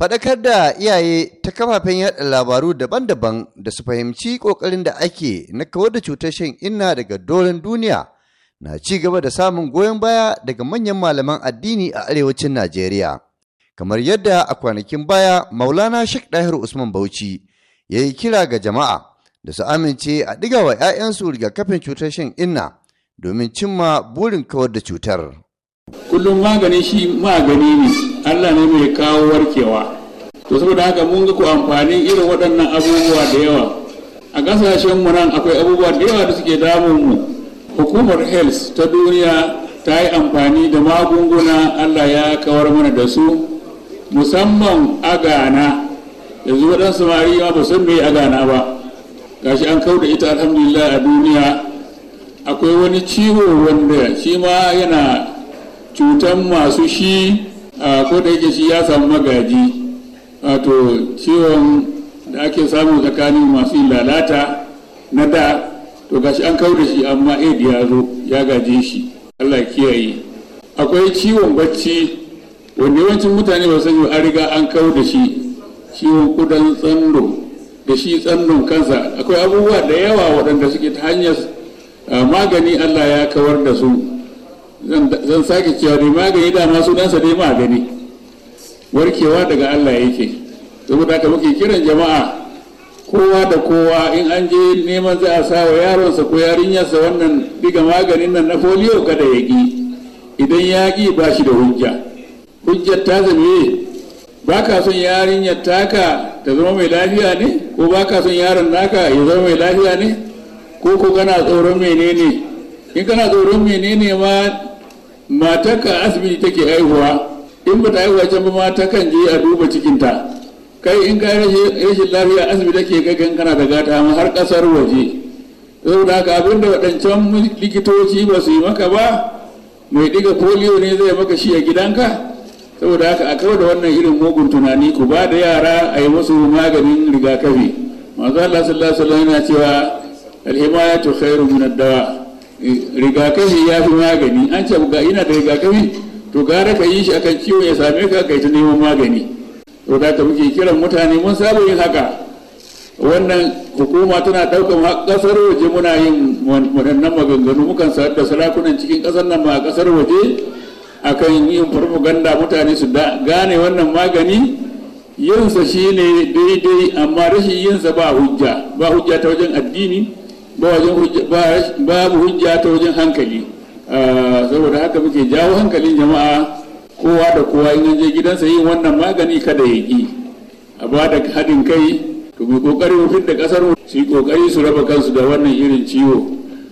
faɗakar da iyaye ta kafafen yaɗa labaru daban-daban da su fahimci ƙoƙarin da ake na kawar da cutar shan inna daga doron duniya na ci gaba da samun goyon baya daga manyan malaman addini a arewacin Najeriya. Kamar yadda a kwanakin baya Maulana Sheikh Dahir Usman Bauchi ya yi kira ga jama'a da su amince a ɗiga wa 'ya'yansu rigakafin cutar shan inna domin cimma burin kawar da cutar. Kullum maganin shi magani ne Allah ne mai kawo warkewa to saboda haka mun ga ku amfani irin waɗannan abubuwa da yawa a ƙasashen mu nan akwai abubuwa da yawa da suke damun mu hukumar health ta duniya ta yi amfani da magunguna Allah ya kawar mana da su musamman agana yanzu waɗansu mari ba sun mai gana ba gashi an kau da ita alhamdulillah a duniya akwai wani ciwo wanda shi ma yana cutan masu shi ko da yake shi ya samu magaji wato ciwon da ake samu tsakanin masu lalata na da to gashi an kawo da shi amma aid ya zo ya gaje shi allah kiyaye akwai ciwon bacci wanda yawancin mutane ba sani an riga an kawo da shi ciwon kudan tsando da shi tsandon kansa akwai abubuwa da yawa waɗanda suke ta hanyar magani allah ya kawar da su zan sake cewa dai magani dama sunansa dai magani warkewa daga Allah yake saboda haka muke kiran jama'a kowa da kowa in an je neman za a sa wa yaronsa ko yarinyarsa wannan diga maganin nan na foliyo kada ya ƙi idan ya ƙi ba shi da hujja hujjar ta zame ba ka son yarinyar taka ta zama mai lafiya ne ko ba ka son yaron naka ya zama mai lafiya ne ko ko kana tsoron menene in kana tsoron menene ma matarka asibiti take haihuwa in ba ta haihuwa can ba mata kan je a duba cikinta kai in ka rashin lafiya asibiti take kai kana da gata ma har kasar waje saboda haka abin da waɗancan likitoci ba su yi maka ba mai diga polio ne zai maka shi a gidanka saboda haka a kawar da wannan irin mugun tunani ku ba da yara a yi musu maganin rigakafi manzo Allah sallallahu alaihi wasallam yana cewa al-himayatu khairu min ad-dawa rigakafi ya fi magani an ce yana da rigakafi to gara ka yi shi akan ciwo ya same ka kai ta neman magani to da ta muke kiran mutane mun saba yin haka wannan hukuma tana daukan kasar waje muna yin wannan maganganu mukan sa da sarakunan cikin ƙasar nan ma a ƙasar waje akan yin propaganda mutane su gane wannan magani yinsa shine daidai amma rashin yinsa ba hujja ba hujja ta wajen addini babu hujja ta wajen hankali ah, saboda haka muke jawo hankalin jama'a kowa da kowa in je gidansa yin wannan magani kada ya ki a ba da haɗin kai to mai ƙoƙari mu fitta ƙasar mu su yi ƙoƙari su raba kansu da wannan irin ciwo